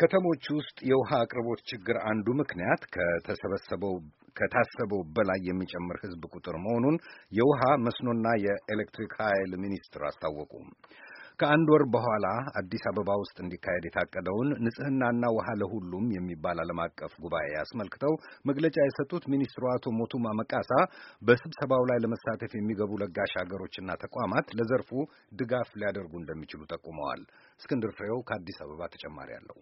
ከተሞች ውስጥ የውሃ አቅርቦት ችግር አንዱ ምክንያት ከተሰበሰበው ከታሰበው በላይ የሚጨምር ሕዝብ ቁጥር መሆኑን የውሃ መስኖና የኤሌክትሪክ ኃይል ሚኒስትር አስታወቁ። ከአንድ ወር በኋላ አዲስ አበባ ውስጥ እንዲካሄድ የታቀደውን ንጽህናና ውሃ ለሁሉም የሚባል ዓለም አቀፍ ጉባኤ አስመልክተው መግለጫ የሰጡት ሚኒስትሩ አቶ ሞቱማ መቃሳ በስብሰባው ላይ ለመሳተፍ የሚገቡ ለጋሽ ሀገሮችና ተቋማት ለዘርፉ ድጋፍ ሊያደርጉ እንደሚችሉ ጠቁመዋል። እስክንድር ፍሬው ከአዲስ አበባ ተጨማሪ አለው።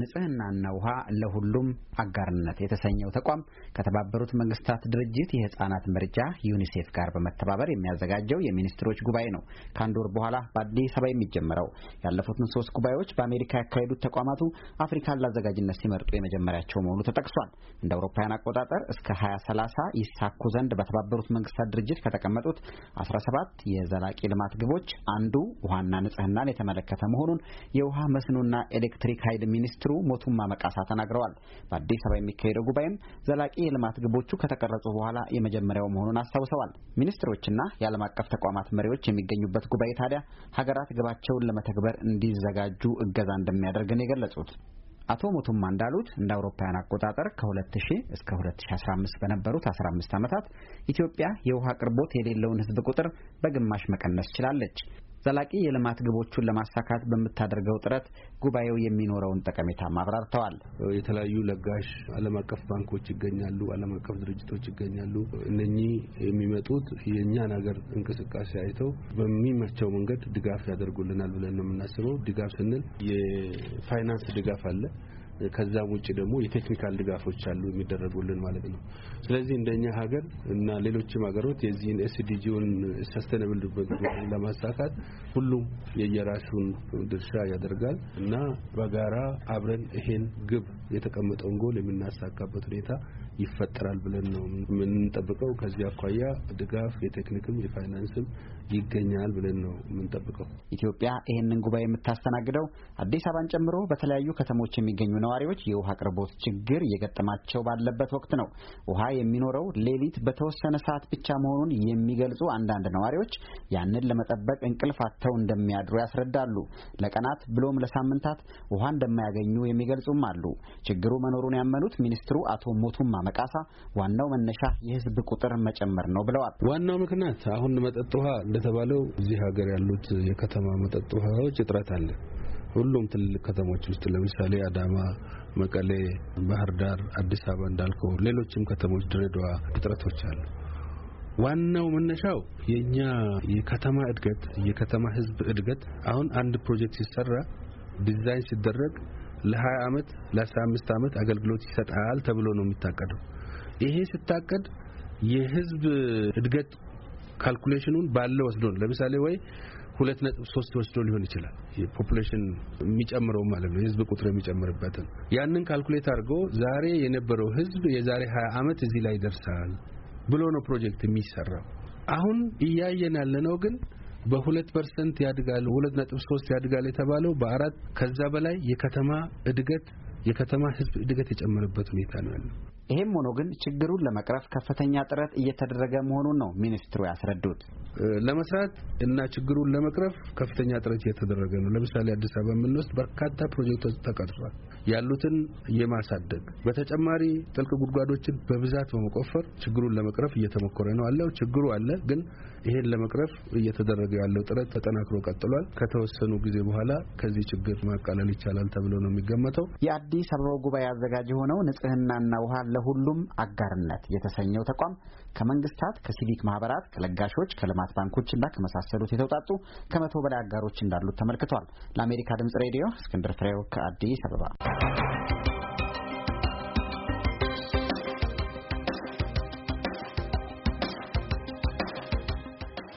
ንጽህናና ውሃ ለሁሉም አጋርነት የተሰኘው ተቋም ከተባበሩት መንግስታት ድርጅት የህፃናት መርጃ ዩኒሴፍ ጋር በመተባበር የሚያዘጋጀው የሚኒስትሮች ጉባኤ ነው ከአንድ ወር በኋላ በአዲስ አበባ የሚጀምረው። ያለፉትን ሶስት ጉባኤዎች በአሜሪካ ያካሄዱት ተቋማቱ አፍሪካን ለአዘጋጅነት ሲመርጡ የመጀመሪያቸው መሆኑ ተጠቅሷል። እንደ አውሮፓውያን አቆጣጠር እስከ 2030 ይሳኩ ዘንድ በተባበሩት መንግስታት ድርጅት ከተቀመጡት 17 የዘላቂ ልማት ግቦች አንዱ ውሃና ንጽህናን የተመለከተ መሆኑን የውሃ መስኖና ኤሌክትሪክ ኃይል ሚኒስትሩ ሚኒስትሩ ሞቱን መቃሳ ተናግረዋል። በአዲስ አበባ የሚካሄደው ጉባኤም ዘላቂ የልማት ግቦቹ ከተቀረጹ በኋላ የመጀመሪያው መሆኑን አስታውሰዋል። ሚኒስትሮችና የዓለም አቀፍ ተቋማት መሪዎች የሚገኙበት ጉባኤ ታዲያ ሀገራት ግባቸውን ለመተግበር እንዲዘጋጁ እገዛ እንደሚያደርግን የገለጹት አቶ ሞቱማ እንዳሉት እንደ አውሮፓውያን አቆጣጠር ከ2000 እስከ 2015 በነበሩት 15 ዓመታት ኢትዮጵያ የውሃ አቅርቦት የሌለውን ሕዝብ ቁጥር በግማሽ መቀነስ ችላለች። ዘላቂ የልማት ግቦቹን ለማሳካት በምታደርገው ጥረት ጉባኤው የሚኖረውን ጠቀሜታ አብራርተዋል። የተለያዩ ለጋሽ ዓለም አቀፍ ባንኮች ይገኛሉ፣ ዓለም አቀፍ ድርጅቶች ይገኛሉ። እነኚህ የሚመጡት የእኛን ሀገር እንቅስቃሴ አይተው በሚመቸው መንገድ ድጋፍ ያደርጉልናል ብለን ነው የምናስበው። ድጋፍ ስንል የፋይናንስ ድጋፍ አለ ከዛም ውጭ ደግሞ የቴክኒካል ድጋፎች አሉ የሚደረጉልን ማለት ነው። ስለዚህ እንደኛ ሀገር እና ሌሎችም ሀገሮች የዚህን ኤስዲጂውን ሰስተነብል ለማሳካት ሁሉም የየራሱን ድርሻ ያደርጋል እና በጋራ አብረን ይሄን ግብ የተቀመጠውን ጎል የምናሳካበት ሁኔታ ይፈጠራል ብለን ነው የምንጠብቀው። ከዚህ አኳያ ድጋፍ የቴክኒክም የፋይናንስም ይገኛል ብለን ነው የምንጠብቀው። ኢትዮጵያ ይህንን ጉባኤ የምታስተናግደው አዲስ አበባን ጨምሮ በተለያዩ ከተሞች የሚገኙ ነዋሪዎች የውሃ አቅርቦት ችግር እየገጠማቸው ባለበት ወቅት ነው። ውሃ የሚኖረው ሌሊት በተወሰነ ሰዓት ብቻ መሆኑን የሚገልጹ አንዳንድ ነዋሪዎች ያንን ለመጠበቅ እንቅልፍ አጥተው እንደሚያድሩ ያስረዳሉ። ለቀናት ብሎም ለሳምንታት ውሃ እንደማያገኙ የሚገልጹም አሉ። ችግሩ መኖሩን ያመኑት ሚኒስትሩ አቶ ሞቱማ መቃሳ ዋናው መነሻ የህዝብ ቁጥር መጨመር ነው ብለዋል። ዋናው ምክንያት አሁን መጠጥ ውሃ እንደተባለው እዚህ ሀገር ያሉት የከተማ መጠጥ ውሃዎች እጥረት አለ። ሁሉም ትልልቅ ከተሞች ውስጥ ለምሳሌ አዳማ፣ መቀሌ፣ ባህር ዳር፣ አዲስ አበባ እንዳልከው ሌሎችም ከተሞች ድሬዳዋ እጥረቶች አሉ። ዋናው መነሻው የኛ የከተማ እድገት የከተማ ህዝብ እድገት አሁን አንድ ፕሮጀክት ሲሰራ ዲዛይን ሲደረግ ለ20 ዓመት ለ15 ዓመት አገልግሎት ይሰጣል ተብሎ ነው የሚታቀደው። ይሄ ሲታቀድ የህዝብ እድገት ካልኩሌሽኑን ባለ ወስዶ ነው። ለምሳሌ ወይ 23 ወስዶ ሊሆን ይችላል የፖፑሌሽን የሚጨምረው ማለት ነው የህዝብ ቁጥር የሚጨምርበትን ያንን ካልኩሌት አድርጎ ዛሬ የነበረው ህዝብ የዛሬ 20 አመት እዚህ ላይ ይደርሳል ብሎ ነው ፕሮጀክት የሚሰራው። አሁን እያየን ያለነው ግን በሁለት ፐርሰንት ያድጋል፣ ሁለት ነጥብ ሶስት ያድጋል የተባለው በአራት ከዛ በላይ የከተማ እድገት የከተማ ህዝብ እድገት የጨመረበት ሁኔታ ነው ያለው። ይህም ሆኖ ግን ችግሩን ለመቅረፍ ከፍተኛ ጥረት እየተደረገ መሆኑን ነው ሚኒስትሩ ያስረዱት። ለመስራት እና ችግሩን ለመቅረፍ ከፍተኛ ጥረት እየተደረገ ነው። ለምሳሌ አዲስ አበባ የምንወስድ በርካታ ፕሮጀክቶች ተቀርጿል። ያሉትን የማሳደግ በተጨማሪ ጥልቅ ጉድጓዶችን በብዛት በመቆፈር ችግሩን ለመቅረፍ እየተሞከረ ነው አለው። ችግሩ አለ፣ ግን ይሄን ለመቅረፍ እየተደረገ ያለው ጥረት ተጠናክሮ ቀጥሏል። ከተወሰኑ ጊዜ በኋላ ከዚህ ችግር ማቃለል ይቻላል ተብሎ ነው የሚገመተው። የአዲስ አበባ ጉባኤ አዘጋጅ የሆነው ንጽህናና ውሃ ለሁሉም አጋርነት የተሰኘው ተቋም ከመንግስታት፣ ከሲቪክ ማህበራት፣ ከለጋሾች፣ ከልማት ባንኮችና ከመሳሰሉት የተውጣጡ ከመቶ በላይ አጋሮች እንዳሉት ተመልክቷል። ለአሜሪካ ድምጽ ሬዲዮ እስክንድር ፍሬው ከአዲስ አበባ